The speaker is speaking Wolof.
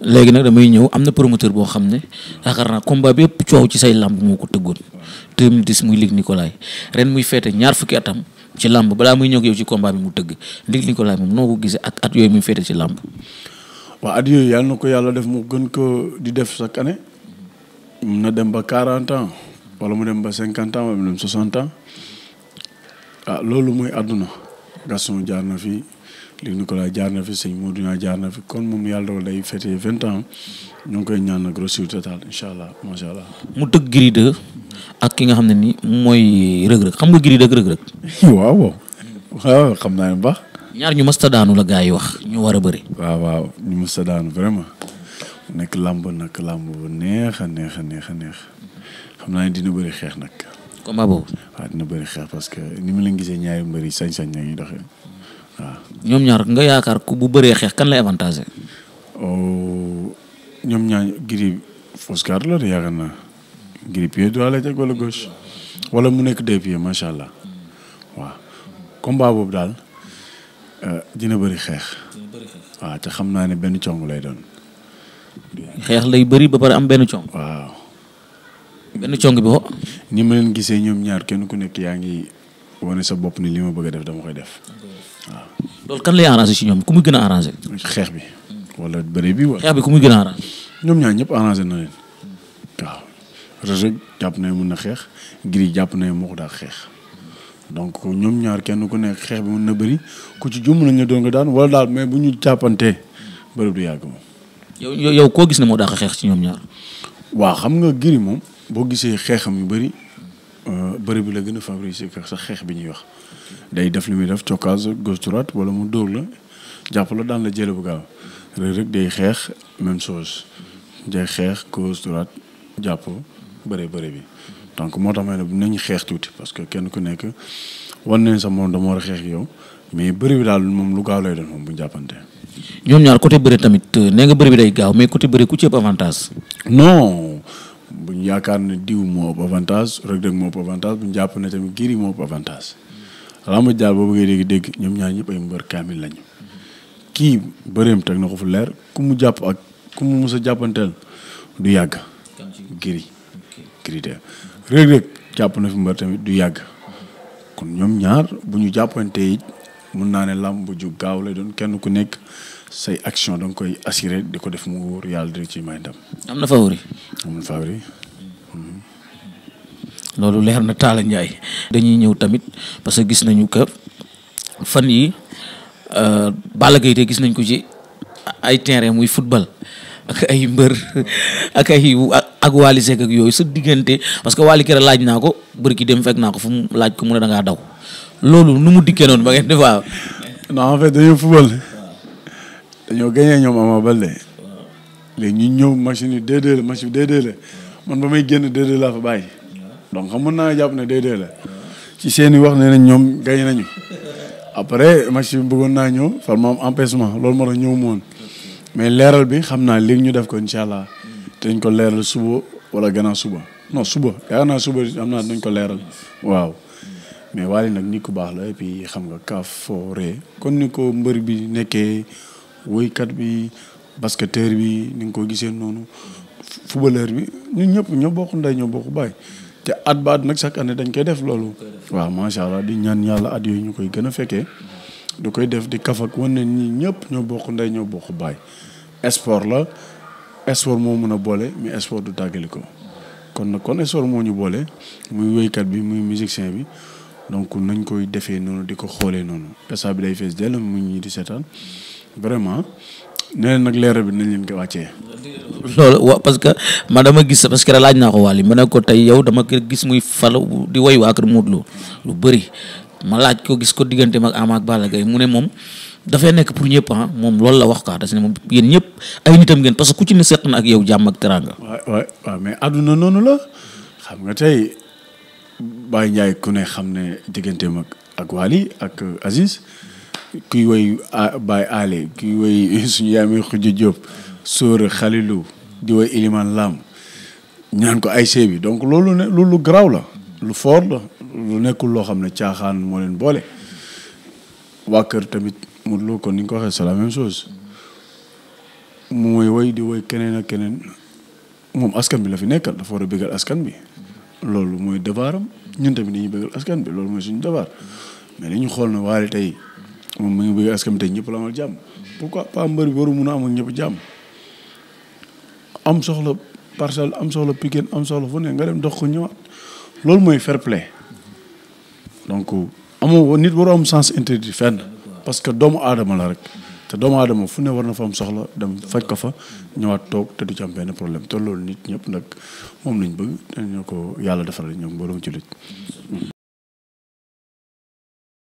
léegi nag muy ñëw am na promoteur boo xam ne yaakaar naa combat bi yëpp coow ci say lamb moo ko tëggoon 2010 muy Ligue Nicolas ren muy feete ñaar fukki atam ci lamb balaa muy ñëw yow ci combat bi mu tëgg Ligue Nicolas moom noo ko gisee ak at yooyu muy feete ci lamb. waaw at yooyu yàlla na ko yàlla def mu gën ko di def sa année mun na dem ba 40 ans wala mu dem ba 50 ans wala mu ah, loolu mooy àdduna Gaston jaar na fii. li ko Nicolas jaar na fi sëñ Modou Niang jaar na fi kon moom yàlla dogal day fête vingt ans ñoo ngi koy ñaan nag réussite totale incha allah macha allah. mu tëgg Gris 2 ak ki nga xam ne ni mooy Reug Reug xam nga Gris 2 ak waaw waaw ah, xam naa ne baax. ñaar ñu mës daanu la gars yi wax ñu war a bëri. waaw waaw ñu mës daanu vraiment nekk làmb nag làmb bu neex a neex neex a neex xam naa ne dina bëri xeex nag. combat boobu. waaw dina bëri xeex parce que ni ma leen gisee ñaari mbër yi sañ-sañ la ñuy doxee. waaw ñoom ñaar nga yaakaar ko bu bëree xeex kan lay avantage. Oh, ñoom ñaar Gris fausse garde la de yaakaar naa wala mu nekk deux pieds macha allah waaw combat boobu daal euh, dina bëri xeex. waaw te xam naa ne benn cong lay doon. xeex lay bari ba pare am benn cong. waaw. benn cong bi ho. ni ma leen gisee ñoom ñaar kenn ku nekk yaa ngi. wane sa bopp ni li ma bëgg a def dama koy def waaw. loolu kan lay arrangé ci ñoom ku muy gën a xeex bi wala bëre bi wala. xeex bi ku gën a arrangé. ñoom ñaar ñëpp arrangé na leen waaw Reug jàpp na mun na xeex Gris jàpp na moo ko daal xeex donc ñoom ñaar kenn ku nekk xeex bi mun na bëri ku ci jum nañ la doon nga daan wala daal mais bu ñu jàppantee bëri du yàgg moom. yow yow koo gis ne moo daax xeex ci ñoom ñaar. waaw xam nga Gris moom boo gisee xeexam yu bari Euh, bëri bi la gën a favoriser que sa xeex bi ñuy wax day def li muy def cokkaas gauche droite wala mu dóor la jàpp la daan la jële bu gaaw rek day xeex même chose day xeex gauche droite jàpp bëri bëri bi donc moo tax may ne nañ xeex tuuti parce que kenn ku nekk wan nañ sa moom dama war a xeex yow mais bëri bi daal moom lu gaaw lay doon moom bu ñu jàppante. ñoom ñaar côté bëri tamit euh, nee nga bëri bi day gaaw mais côté bëri ku ci ëpp non. buñ yaakaar ne diw moo ëpp avantage Reug Reug moo ëpp avantage buñ jàpp ne tamit Gris moo ëpp avantage làmb jaar boo bëggee dégg dégg ñoom ñaar ñëpp ay mbër kaamil lañu kii bëreem teg na ko fu leer ku mu jàpp ak a jàppanteel du yàgg Gris Gris jàpp na fi mbër tamit du yàgg kon ñoom ñaar bu ñu jàppante it naa ne làmb ju gaaw lay doon kenn ku nekk say action da nga koy assurer di ko def mu wóor yàlla di may ndam. am na favori. am na favori. Hmm. loolu leer na taal Ndiaye. dañuy ñëw tamit parce que gis nañu que fan yi euh, Balla Gaye gis nañ ko ci ay terrain muy football ak ay mbër ak ay ak Wally Seck ak yooyu sa diggante parce que Wally kere laaj naa ko bëri dem fekk naa ko fu mu laaj ko mu ne da daw loolu nu mu dikkee noonu ba ngeen di waaw. dañuy football. dañoo gagné ñoom Ama Baldé léegi ñu ñëw machine yi déedéet la machine bi man ba may génn déedéet laa fa bàyyi donc xam mën naa jàpp ne déedéet la ci seen i wax nee nañ ñoom gagné nañu après machine bi bëggoon naa ñëw far ma am empêchement loolu moo tax ñëw moon mais leeral bi xam naa léegi ñu def ko incha allah dañ ko leeral suba wala gannaaw suba non suba yaakaar naa suba am naa dañ ko leeral waaw mais Wally nag nit ku baax la et puis xam nga kaaf foo ree kon nekkee woykat bi basketteur bi ni nga ko gisee noonu footballeur bi ñun ñëpp ñoo bokk ndey ñoo bokk baay te at ba at nag chaque année dañ koy def loolu. waaw macha allah di ñaan yàlla at yooyu ñu koy gën a fekkee. du koy def di kaf ak wan ne ñëpp ñoo bokk ndey ñoo bokk baay. sport la sport moo mun a boole mais sport du tàggali ko kon nag kon sport moo ñu boole muy woykat bi muy musicien bi donc nañ koy defee noonu di ko xoolee noonu. stade bi day ñi di seetaan. vraiment nee nag leeral bi nañ leen ko wàccee. loolu wa parce que ma dama gis parce que laaj naa ko Waly ma ne ko tey yow dama gis muy fal di woy waa kër Modou Lo lu bëri ma laaj ko gis ko diggante mag Ama ak gay mu ne moom dafay nekk pour ñëpp ah moom loolu la wax quoi da si ne moom yéen ñëpp ay nitam ngeen parce que ku ci ne seq na ak yow jàmm ak teraanga. waaw waaw waaw mais àdduna noonu la xam nga tey Baye Ndiaye ku ne xam ne digganteem ak ak Waly ak Aziz. kuy woy Baye Allé kuy woy suñu yaami Xuj Diop Sóora Xalilu di woy Iliman Lam ñaan ko ay see donc loolu ne loolu la lu foor la lu nekkul loo xam ne caaxaan moo leen boole waa kër tamit mu loo kon ko waxee c'est la même chose mooy woy keneen ak keneen moom askan bi la fi nekkal dafa war a bëggal askan bi loolu mooy dabaaram ñun tamit ñu bëggal askan bi loolu mooy suñu dabaar mais dañu xool na waale tey moom mi ngi bëgg askan ñëpp la amal jàmm pourquoi pas mbër bi waru mun a am ak soxla parcelle am soxla Pikine am soxla fu ne nga dem dox loolu mooy fair play donc amoo nit waru am sens interdit fenn parce que doomu aadama la rek te doomu aadama fu ne war na fa am soxla dem faj ko fa ñëwaat toog te du ci am benn problème te loolu nit ñëpp nag moom lañ bëgg dañu ko yàlla defal ñoom mbooloo jullit